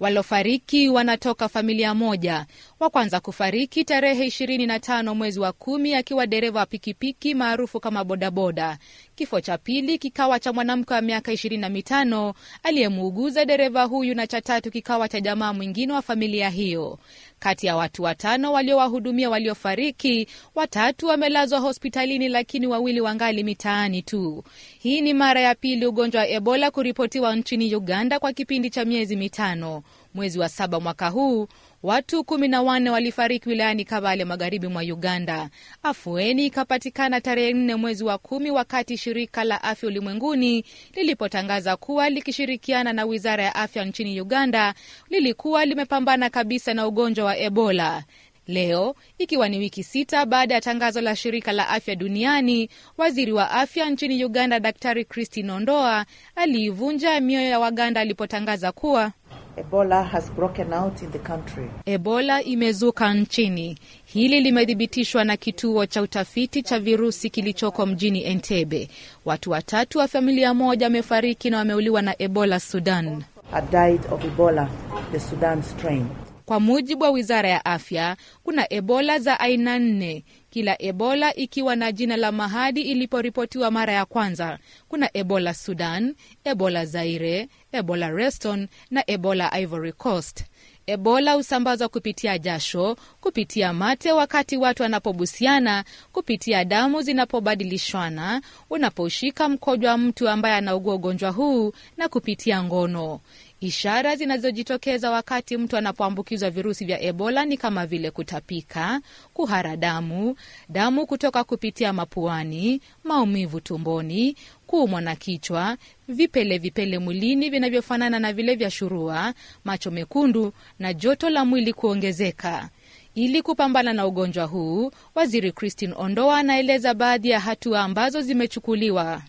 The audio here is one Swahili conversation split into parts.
walofariki wanatoka familia moja. Wa kwanza kufariki tarehe 25 mwezi wa kumi akiwa dereva wa pikipiki maarufu kama bodaboda. Kifo cha pili kikawa cha mwanamke wa miaka 25 aliyemuuguza dereva huyu, na cha tatu kikawa cha jamaa mwingine wa familia hiyo. Kati ya watu watano waliowahudumia waliofariki, watatu wamelazwa hospitalini, lakini wawili wangali mitaani tu. Hii ni mara ya pili ugonjwa wa Ebola kuripotiwa nchini Uganda kwa kipindi cha miezi mitano. Mwezi wa saba mwaka huu watu kumi na wanne walifariki wilayani Kabale, magharibi mwa Uganda. Afueni ikapatikana tarehe nne mwezi wa kumi, wakati shirika la afya ulimwenguni lilipotangaza kuwa likishirikiana na wizara ya afya nchini Uganda lilikuwa limepambana kabisa na ugonjwa wa Ebola. Leo ikiwa ni wiki sita baada ya tangazo la shirika la afya duniani, waziri wa afya nchini Uganda Daktari Christine Ondoa aliivunja mioyo ya Waganda alipotangaza kuwa Ebola has broken out in the country. Ebola imezuka nchini. Hili limethibitishwa na kituo cha utafiti cha virusi kilichoko mjini Entebbe. Watu watatu wa familia moja wamefariki na wameuliwa na Ebola Sudan. Died of Ebola, the Sudan strain. Kwa mujibu wa Wizara ya Afya, kuna Ebola za aina nne kila Ebola ikiwa na jina la mahadi iliporipotiwa mara ya kwanza. Kuna Ebola Sudan, Ebola Zaire, Ebola Reston na Ebola Ivory Coast. Ebola husambazwa kupitia jasho, kupitia mate wakati watu wanapobusiana, kupitia damu zinapobadilishwana, unaposhika mkojwa mtu ambaye anaugua ugonjwa huu na kupitia ngono. Ishara zinazojitokeza wakati mtu anapoambukizwa virusi vya Ebola ni kama vile kutapika, kuhara damu, damu kutoka kupitia mapuani, maumivu tumboni, kuumwa na kichwa, vipele vipele mwilini vinavyofanana na vile vya shurua, macho mekundu na joto la mwili kuongezeka. Ili kupambana na ugonjwa huu, Waziri Christine Ondoa anaeleza baadhi ya hatua ambazo zimechukuliwa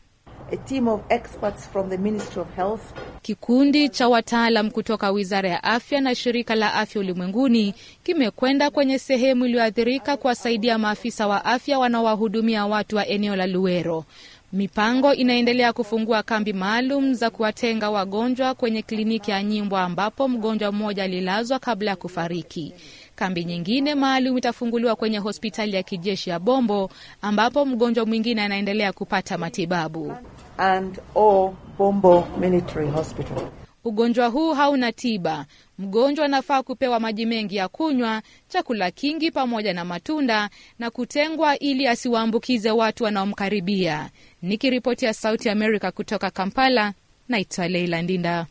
a team of experts from the Ministry of Health. Kikundi cha wataalam kutoka Wizara ya Afya na Shirika la Afya Ulimwenguni kimekwenda kwenye sehemu iliyoathirika kuwasaidia maafisa wa afya wanaowahudumia watu wa eneo la Luero. Mipango inaendelea kufungua kambi maalum za kuwatenga wagonjwa kwenye kliniki ya Nyimbwa ambapo mgonjwa mmoja alilazwa kabla ya kufariki. Kambi nyingine maalum itafunguliwa kwenye hospitali ya kijeshi ya Bombo ambapo mgonjwa mwingine anaendelea kupata matibabu and or Bombo Military Hospital. Ugonjwa huu hauna tiba. Mgonjwa anafaa kupewa maji mengi ya kunywa, chakula kingi pamoja na matunda na kutengwa ili asiwaambukize watu wanaomkaribia. Nikiripoti ya Sauti Amerika kutoka Kampala, naitwa Leila Ndinda.